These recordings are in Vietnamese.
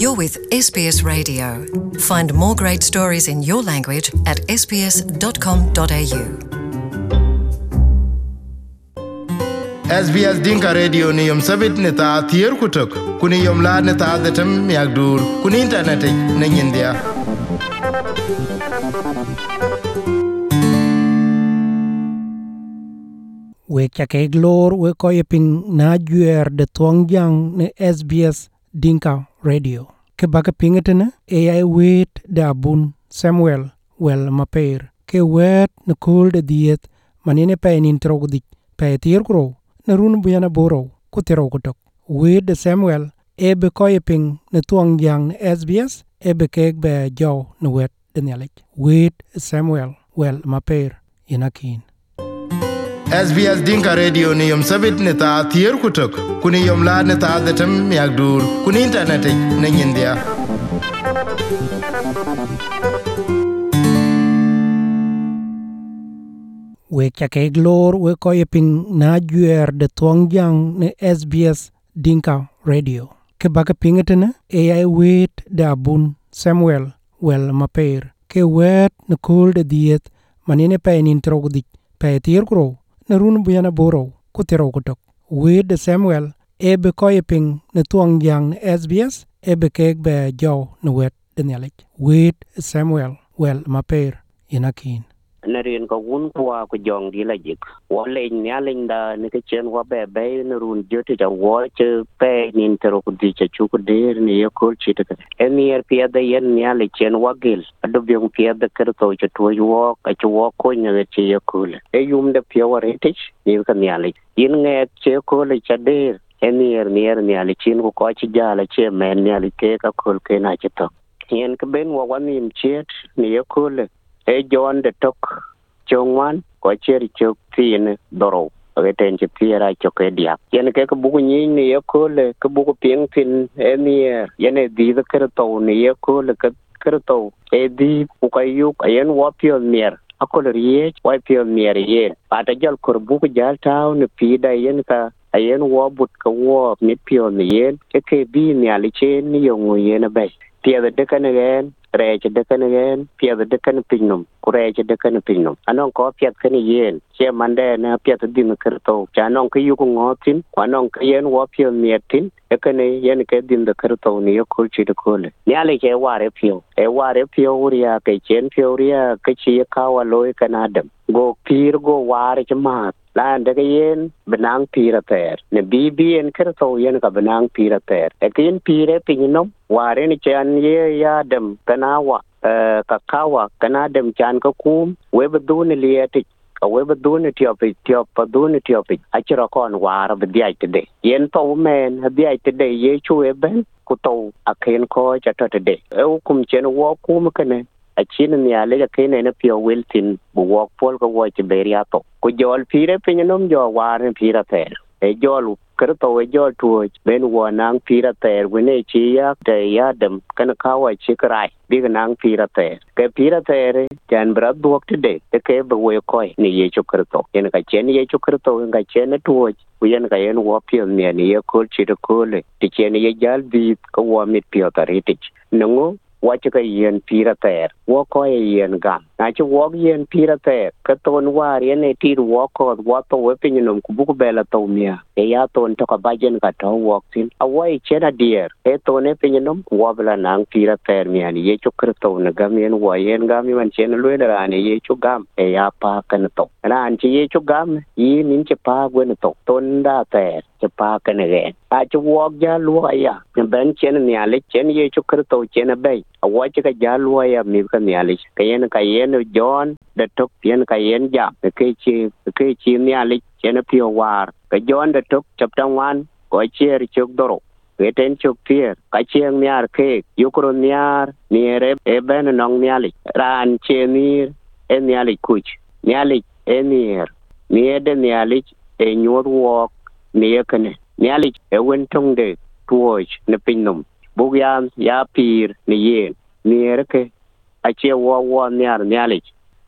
You're with SBS Radio. Find more great stories in your language at sbs.com.au. SBS Dinka Radio ni yom sabit ni ta thier kutok kuni yom la ni ta datam yak dur kuni internet ni India. We chakeg lor we koyepin na juer de tuangjang ne SBS Dinka Radio. Kebaga pingetene AI wet da abun Samuel wel Mapair. Ke wet ne kool de diet manine pa en introg dik pa etir kro ne run buyana boro ku tero kutok. Wet de Samuel ebe koye ping ne tuang yang SBS ebe kek be jau ne wet de nyalik. Wet Samuel wel Mapair inakin. SBS Dinka Radio ni yom sabit ni ta thier kutok kuni yom la ni ta de tem dur kuni internet ne nyindia we chake glor we koye ye ping na juer de tuang jang ni SBS Dinka Radio ke baka pingetene ai wait da abun Samuel wel mapeir. ke wet ne kul de diet manine pe in dik pe tier grow ne run buyana borow ku tiro kutok wede samuel ebe koye ping ne tuong yang ne sbs ebe kek be jow ne wet denialik wed samuel wel maper inakin ne rin ko gun kwa ko jong di la jik wo le nya le da ne ke chen wa be be ne run jo te ja wo che pe ni ntero ku di che chu ku de ni yo ko chi te e ni er pia de yen nya le chen wa gel do bi un pia de ker to che tu yo ka chu wo ko ne che yo ku le e yum de pia wa re te ni ka nya le yin nge che ko le cha de e ni er ni er nya le chin ko ko chi ja le che men nya le ke ka ko ke na che to yen ke ben wa wa ni mchet ni yo ku le e jon de tok chongwan ko cheri chok tin doro ke ten che piera chok e dia yen ke ko bugu ni ni e ko le ko bugu ping tin e ni yen e di de ker to ni e ko le ke ker to e di ku ka yu yen wa pio mier a ko le ye wa pio mier ye ata jal kor bugu jal taw ne pi da yen ka a yen wa but ka wa mit pio ni yen ke ke bi ni ali chen ni yo ngu yen e ba pia de ka ne gen reeca dekenegen piedh dekene piny nom ku reeca dekene piny nom anong ko piedh kene yen cie mande ne piedh dhimi kerthou ca anong ke yuku ŋo thin ku anong ke yen wo piedh miet thin ekene yen ke din de kerto ni yo kul chi de kul ni ale ke ware fiyo. e ware fiyo uria ke chen fiyo uria ke ci ka wa loy e kanadam go pir go ware chi ma lan ke yen benang pira ter ne bibi en kerto yen ka benang pira ter e yen pire pinnom ware ni chan ye ya dam kanawa e ka kawa kanadam chan ka kum we bu dun ne tik awe dhuni dhuun Ethiopia Ethiopia dhuun Ethiopia achira koon waara ba dhiyaay tide yen pa umen dhiyaay tide ye chuwe ben kutau akain ko chato tede e ukum chen wo kum kane achin ni ale ja kene ne pio wiltin bu wok pol ko wo che beria to ku jol pire pinyo nom jo war ne pira ejol kirto ejol tuoj ben wo nang pira ter wene chi ya te ya dem kan kawa chi krai big nang pira ter ke pira ter chan bra duok te de te ke bu we koi ni ye chu kirto en ka chen ye chu kirto en ka chen tuoj ku yen ka yen wo pio mie ni ye kol chi de kol e. ti chen ye jal bi ko wo mit pio ta ritich nungu wa chi ka yen pira ter wo koi yen gam na ci wok yen pira te ka ton war yen e tir wok ko wa to we pin nom ku buku bela to mia e ya ton to ka bajen ka to wok tin a wai chena dier e to ne pin nom wa bela nang pira te mia ni ye chu krto na gam yen wa yen gam yen chen lu ra ni ye chu gam e ya pa kan to na an ci ye chu gam yi nin ci pa gwen to ton da te ci pa kan ge a ci wok ja lu ya ben chen ni ale chen ye chu krto chen be a wa ci ka ja lu ya mi ka ni ale ka yen ka yen no jon de tok pien ka yen ja ke chi ke chi ni ali chen pio war ka jon de tok chap tang wan ko chier chok doro weten chok pier ka chieng er niar ke yukro niar niere e ben nong niali ran che niir e niali er, e kuch niali e niir er. niede niali e nyuot wok niekene niali e wen tong de tuoch ne pinnum bug yam ya pir ni yen niere ke a ce wo wo niar nialic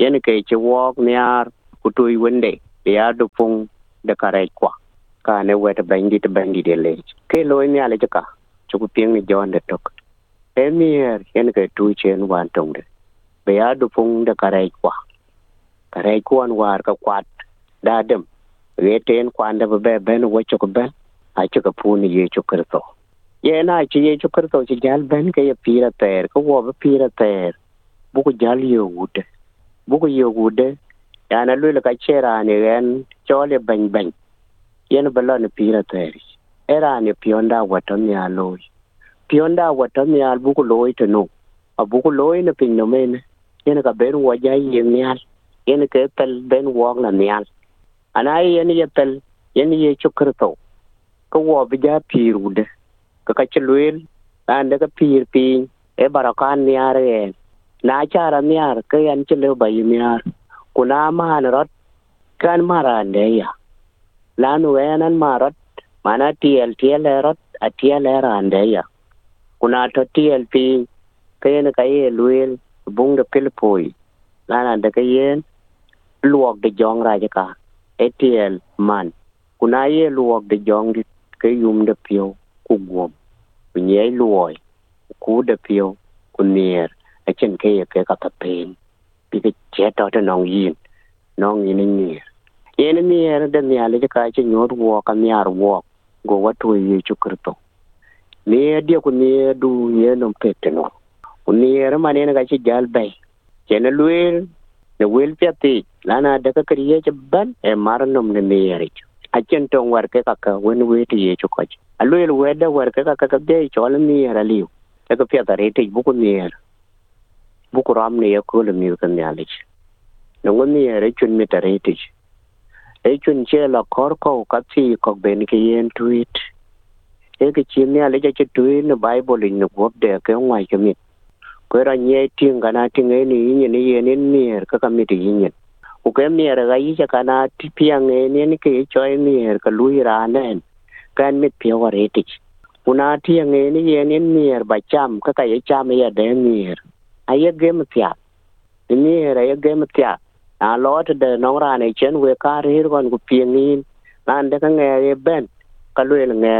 yen ke ce wok niar kutui wende ya dupung de karek kwa ka ne wet bandi te bandi de le ke lo niale ka chu ku pieng ni jon de tok te mier yen ke tu chen wan tong de be ya dupung de karek kwa karek kwa war ka kwat da dem we ten kwan da be ben wo chu ku ben a chu ka pu ni ye chu kar er to ye na chi ye chu kar er to chi gal ben ke ye pira ter ko wo pira ter buku jal yegude buku yegude yana lul ka che rani ren chole bany bany yen balo ni pira teri erani pionda watom ya loy pionda watom ya buku loy to no a buku loy ni pin no men yen ka ben wo ja yen yal yen ke pel ben wo na yal anai yen ye pel yen ye chukrto ka wo bi ja pirude ka ka chlwel ande ka pir pin e barakan ni are na cara miyar kai an cile bai miyar kuna mahan rot kan mara ndeya lanu wenan marot mana tiel tiel erot a tiel era ndeya kuna to tiel pi kayen kaye luel bung de pilpoi lana de kayen luok de jong raja ka e tiel man kuna ye luok de jong dit kayum de pio kugwom kunye luoy ku de pio kunir achen ke go wa to wel pya ti e mar nom ne mi er chu buku ram ee, ne yako le mi kan ya le no ngo mi re chun mi tare ti e chun che la kor ko ka ti ko ben ke yen tweet e ke chi ne ale che tu ne bible ne go de ke ngwa ke mi ko ra nye ti ngana ti ne ni ni ne ye ne mi ka ka mi ti yin u ke mi ra ga yi cha kana ti pi ang ne ne ke cho e mi ka lu ra ne kan mi pi wa re ti una ti ne ne ye ne mi ba cham ka ka ye cham ya de mi aye game tia ni era ye game tia a lot de nong ra ne chen we kar hir gon gu pi ni nan de kan ye ben ka lu en ne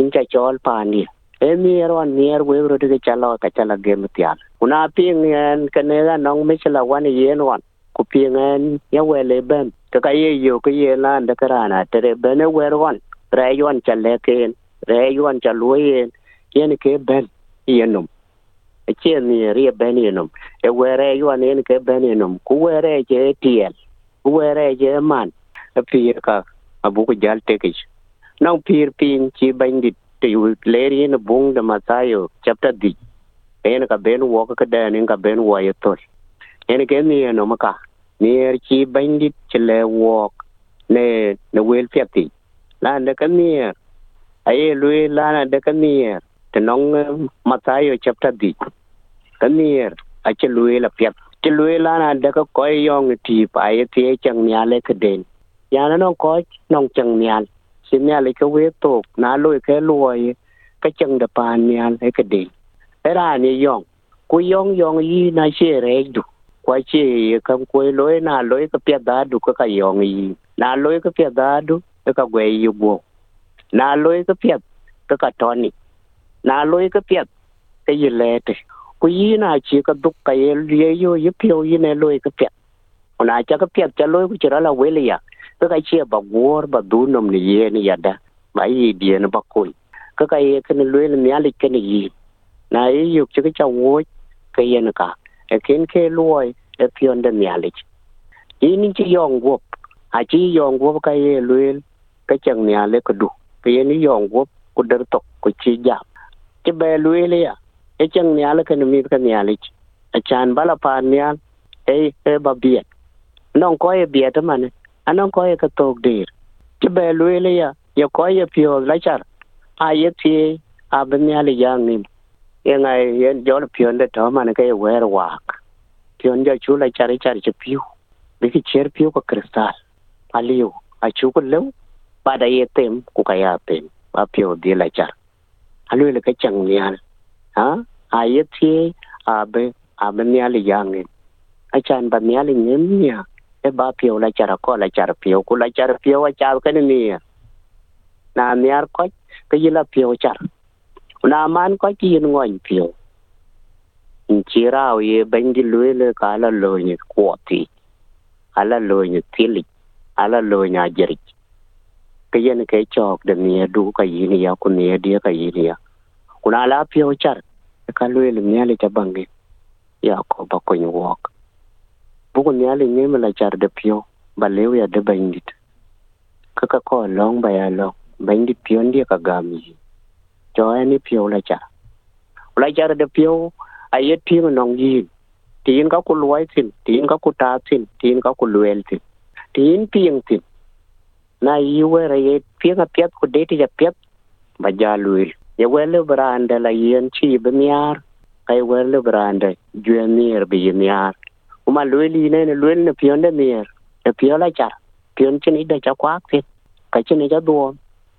in cha chol pa ni e ni era ni er we ro de cha lo ka cha la game tia una pi ni en ka ne da nong mi cha la wan e ye no ku pi ngen ye ya we le ben ka ka ye yo ka ye nan de kra na te re ben e we ro wan re yon cha le ken re yon cha lu ye ken ke ben ye no chen rie beninum e were e yuan en ke beninum ku were e je tiel ku were e je man e pir ka abu ko jal tekish nang pir pin chi bandit te yu leri en bung de matayo chapter di en ka ben wo ka da en ka ben wo ye tol en ke ni en ma ka ni er chi bandit che le wo ne ne wel pyati lan de ka ni er. aye lui lan de ka ni er. te nong eh, matayo chapter di กันเนี่ยอาจจะรวยละเพียบจะรวยล้านเด็กก็คอยย่องทีไปที่จังเนียเลยคือเด่นยานั้นน้องคอยน้องจังเนียสิเนียะไรก็เวทตกน้ารวยแค่รวยก็จังเดปานเนียเลยคือเดีแต่ร้านนี้ย่องกูย่องย่องยี่น่าเชื่อเรงดูกว่าเชื่อคำกูรวยน้ารวยก็เพียบได้ดูก็ขย่องยี่น้ารวยก็เพียบได้ดูก็เวยยูบวกน้ารวยก็เพียบก็กระตอนนี่น้ารวยก็เพียบก็ยืนเลยเด้อกูยีน่าชีก็ดุกไปเรียอยู่ยิเพียวยีในลอยก็เปียกคนอาจจะก็เปียกจะลอยกูจะละเวลียก็ใครเชียบักวัวบักดูนมนี่เยนี่ยัดดะใบเดียนบักคุยก็ใอรคนลอยนี่อะไรกันยีนายยุกจะก็จะวัวก็ยันกะเอเคนเคลอยเอเพียนเดนี่อะไรยีนี่จะยองวบอาจียองวบก็ครลอยก็จังเนี่ยเล็ก็ดูก็ยันนี่ยองวบกูเดินตกกูชี้ยาจะเบลอยเลยอ่ะ e ceng ni ala kan mi kan ya lich a chan bala pa ni al e e ba bia non ko e bia ta man anon ko e ka tok dir ti be lu ile ya ya ko e ya pio la char a ye ti a ben ya li ya ni ye na ye jo le pio de to man ke we er wa pio ja chu la char char che pio bi ki cher pio ko kristal a li u a chu ko le pa da ye tem ku ka ya tem a pio di la char a lu ile ka ceng ni ala ayetye abe abe mial yange achan ba mial nyemnya e ba pio la chara ko la chara pio ku la chara pio wa char kan ni na miar ko ke yila pio char na man ko ki yin ngon pio chỉ ra ye bên đi lưới lưới cả là lưới như quả thì à là lưới như thiên lịch à là lưới nhà giờ lịch cái dân cái chọc đừng nghe đủ cái gì này kalwel miali ca bangi ya ko ba kuny wok buku miali nyemi la car de pio ba lew ya de baindit kaka ko long ba ya long baindit pio ndia ka gam yi cho ni pio la car la car de pio a yet pio nong yi tin ka ku luwai tin tin ka ku ta tin tin ka ku luel tin tin pieng tin na yi wera ye pieng a piet ku deti ya piet ba ja luel yewelle birande la yen chi bimiar kay welle birande juemier bi miar uma lueli ne ne luel ne pion de mier ne pion la char pion chen ida cha kwak fit ka chen ja duom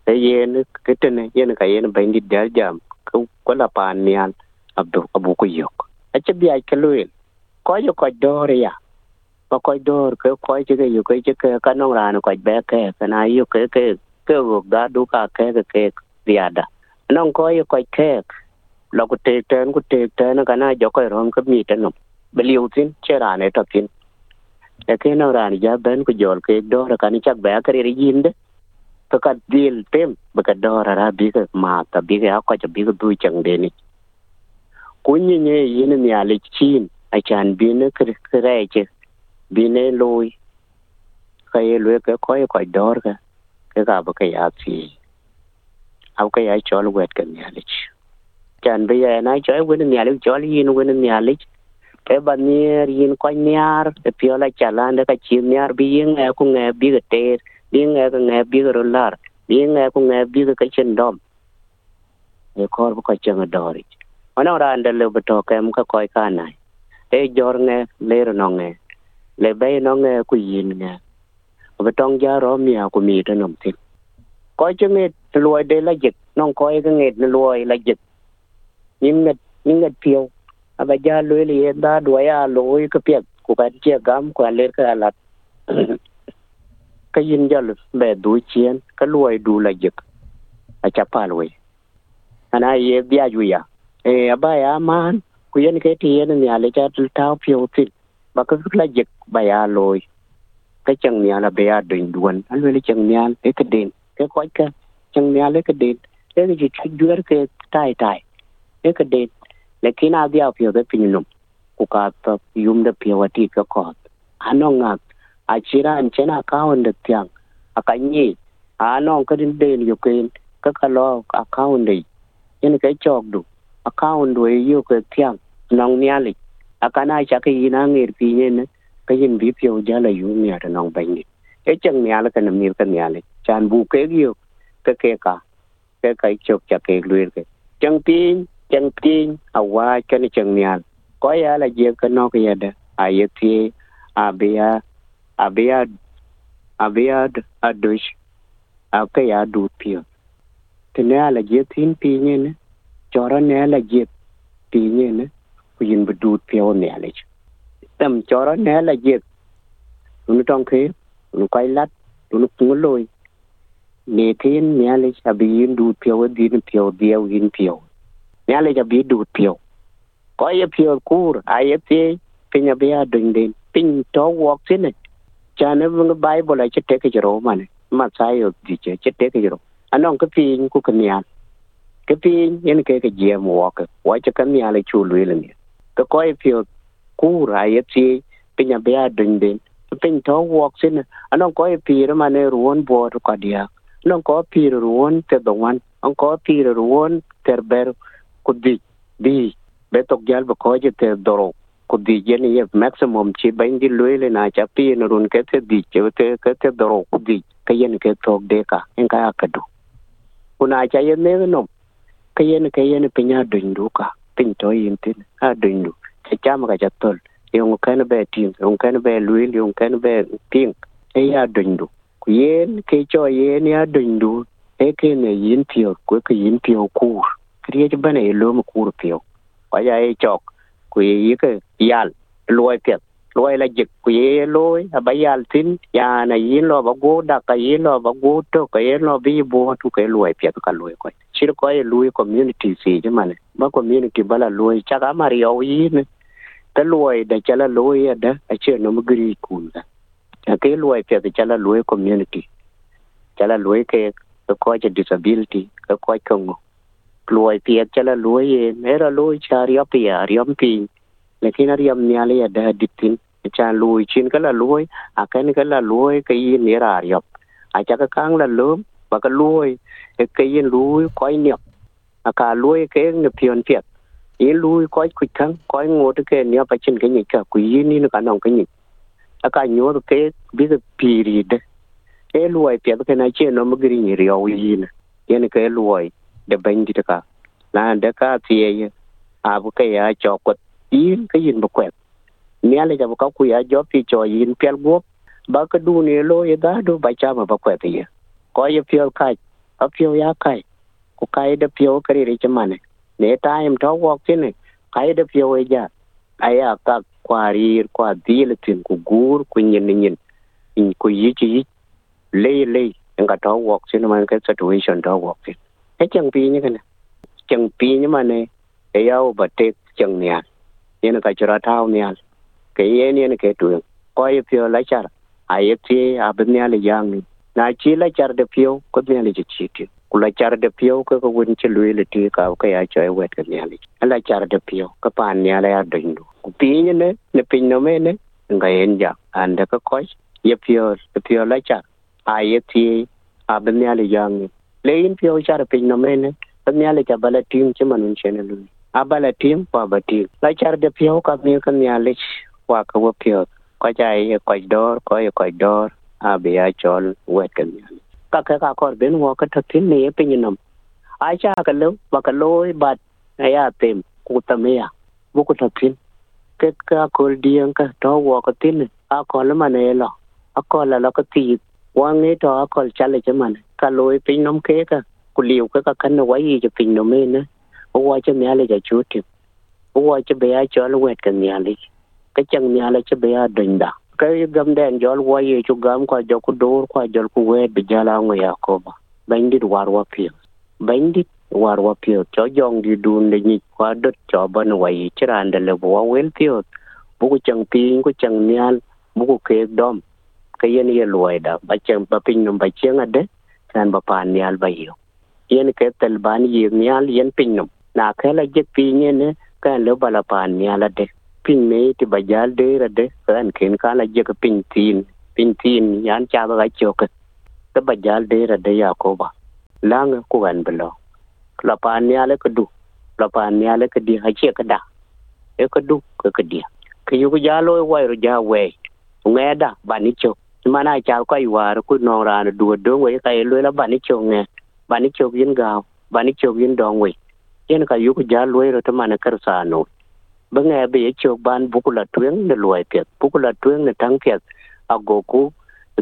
e yen keten yen ka yen bendi dal jam ko la pan mian abdu abu ko yok ache bi ay keluel ko yo ko doria ko ko dor ko ko che ke yo ko che ke ka nong ran ko be ke na yo ke ke ke go da du ka ke ke riada nong ko ye koy kek lo ku te ten ku te ten ka na jo koy rom ka mi ten no beliu tin che ra ne to tin e ke no ran ja ben ku jol ke do ra ka ni chak ba ka ri yin de to ka dil pem ba ka do ra bi ka ma ta bi ka ko cha bi ka du chang de ni ku ni ne yin ni ale chin a chan bi ne kre kre che bi ne loy ka ye loy ka ko ye ko do ra ka ka ba ka ya ti awka ya chol wet kan ya lich kan be ya na choy win ya lich chol yin win ya lich e ba nier yin ko niar e piola chalan da ka chim niar bi yin e ku nge bi ga ter bi nge ka nge bi ga rolar bi nge ku nge bi ga ka chen dom e kor bu ka chang dori ona ra nda le bu to kem ka koy ka nai e jor nge le ro no nge le be no nge ku yin nge bu tong ja ro mi ya ku mi ta nom tin ko chung e lùi đây là dịch non coi cái nghề lùi là dịch những nghịch những nghịch phiêu à bây giờ lùi lì đã đuổi à lùi cái việc của bạn chia gam của lên cái là cái yên giờ bè đuổi chiến cái lùi đủ là dịch à chả phải anh à, ấy à, bia vui à ê à, bây à man quyền cái tiền nhà lấy cho tao phiêu thịt và cái là dịch bây à lùi cái chân nhà là bây à đỉnh đuôn anh lùi lấy chân nhà cái cái đền cái quái cái chengniyale ka det le ji chigwer ke tai tai e ka det lekin adi a pyo de pinum ku ka ta yum de à, à, Anh wati ka ko anonga achira anchena ka on de tyang akanyi anong ka din den yo ken ka ka lo account de yen ka chok du account do yo ka tyang nong nyali akana cha ka yina ngir pi yen ka yin bi pyo jala yu mi ar nong bang ni e chang nyala ka nam ni ka nyali chan bu ke yo cái kia cả cái cái chụp chặt cái luyện cái chẳng tin chẳng tin à qua cho nên chẳng nhàn có ya là gì cái nó cái gì à yêu thì à bây à bây à bây à đuổi à cái à đuổi pion thế nè là gì thiên pi nhé nè cho ra nè là gì pi nhé nè quyền bị đuổi pion nè là chứ tầm cho ra nè là gì nó trong thế nó quay lát nó cũng lôi le tin nya le chabi du pyo din pyo dia win pyo nya le chabi du pyo ko ye pyo kur a ye pe pinya be a ding ding pin to wok sin ne cha ne vung bible a che te ke ro ma ne ma sa yo di che che te ke ro anong ke pin ku ke nya pin yen ke ke je mo wok wa che ke nya le chu lu le ne ke ko ye pyo kur a ye pe pinya be a ding ding pin to wok sin anong ko ye pi dia non ko piro ruon te dongan on ko piro ruon ter ber kudi di betok jal ba ko je te doro kudi je ni ye maximum chi bain di na cha pi no run ke te di che te ke te doro kudi ke yen ke tok de ka en ka akadu kuna cha ye ne no ke yen ke yen pinya dundu ka pin to yin tin a dundu cha chama ka cha tol yung kan be tin yung kan be luil yung kan be ping e ya dundu ku yen ke cho yen ya dundu e ke ne yin pio ku ke yin pio kur kriye bane e lom kur pio wa ya e chok ku ye ke yal loy pet loy la jik ku ye loy aba yal tin ya na yin lo ba go da ka yin lo ba go to ka yin lo bi bo tu ke loy pet ka loy ko chir ko ye loy community si je mane ba community bala loy cha ka mari o yin ta loy da cha la loy da a che no mugri kun da ke luai pia te chala luai community chala luai ke ke ko cha disability ke ko ka ngo luai pia chala luai e mera luai charia pia riam pi lekin riam nyale ya da ditin cha luai chin ka la luai a kan ka la luai ke yi ne ra riap a cha ka kang la lum ba ka luai e ke yin luai koi ne a ka luai ke ne pion piet yin luai koi ku kang koi ngo te ke ne pa chin ke ni ka ku yin ni ka nong ke ni akanyoth ke bidhi period e luoi pieth ken achien nom giri yin yen ke luoi de bany dit ka nan de ka thieye ab ke ya chokot yin ke yin bekwet miale jabu ka ku jopi cho yin piel guop ba ka du ne lo ye da do ba chama ba kwet ye ko piel ka a piel ya kai ku piel kare chamane ne time to walk tine piel ye ja aya ta kwa rir kwa dil tin ku gur ku nyin nyin in ku yi ji lei lei to wok sin man ka situation to wok sin e chang pi ni kana chang pi ni ma e ya o ba te chang nia yen ka chura tao nia ke yen yen ke tu ko ye pyo la char a ye ti a ben nia yang na chi la char de pyo ko nia le chi ti ku la char de pyo ko ko won chi lu ti ka ka ya cho e wet ka nia le char de pyo ka pan nia la ya do ku pinyi ne le piny no me ne nga yen ja ande ka koy ye pio le pio la cha a ye ti a ben ya le yang le yin pio cha le piny no me ne ben ya le cha bala tim che manun che ne lu a bala tim kwa ba tim la cha de pio ka mi ka ya le kwa ka wo pio ko cha ye ko dor ko ye ko dor a be ya chol wet ka ya ka ka ka kor ben wo ka ta tin ne piny no a cha ka lo ba ka lo e ba e ya tem ku ta me ya bu ku ta tin ket ka kol dieng ka to wo ko tin a ko le mane lo a ko la lo ko ti wa nge to a ko cha le che mane ka loi pin nom ke ka ku liu ka ka kan wa yi je pin nom ne o wa che mya le ja chu ti o wa che be a cho le wet ka mya le ka chang mya le che be a dun da ka yi gam den jol wa yi chu gam ko jo ku dor ko jol ku wet bi jala ngo ya ko ba bandit war wa pi bandit war wa pio cho yong di dun le ni kwa dot cho ban wai chiran de le wa wel pio bu ko chang pi ko chang nial bu ko ke dom ke yen ye luai da ba chang ba pin num ba chang ade san ba pan nial ba yo yen ke tel ban ye nial yen pin num na ke la je pi ne ne ka le ba la pan nial ade pin me ti ba jal de ra de san ken ka la je ke pin tin pin tin yan cha ba ga chok ke ba jal de ra de ya ko ba lang ko gan ba lo klapani ala kadu klapani ala kadi hachi kada e kadu ka kadi kinyu ku jalo wa ro ja we ngeda bani cho mana cha ko iwar ku no ran du do we ka e la bani cho nge bani cho yin ga bani cho yin dong we yen ka yu ku jalo ro ta mana kar sa no ba nge be ye cho ban bukula tuen ne luai pet bukula tuen ne tang pet agoku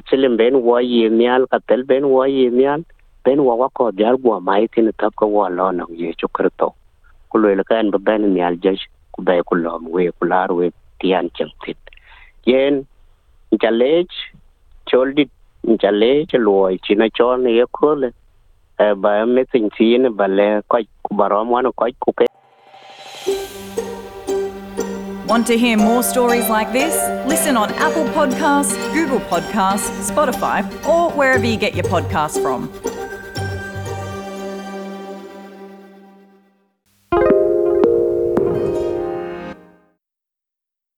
chilim ben wa ye mial ka tel ben wa ye mial wa jar mai tin ko lo ye chukrto ku le ben ni al ku ku lo we ku lar we tian chang tit yen jalej choldi jalej chon ye ko le ba me tin tin ba le ko ku no ko ku ke Want to hear more stories like this? Listen on Apple Podcasts, Google Podcasts, Spotify, or wherever you get your podcasts from.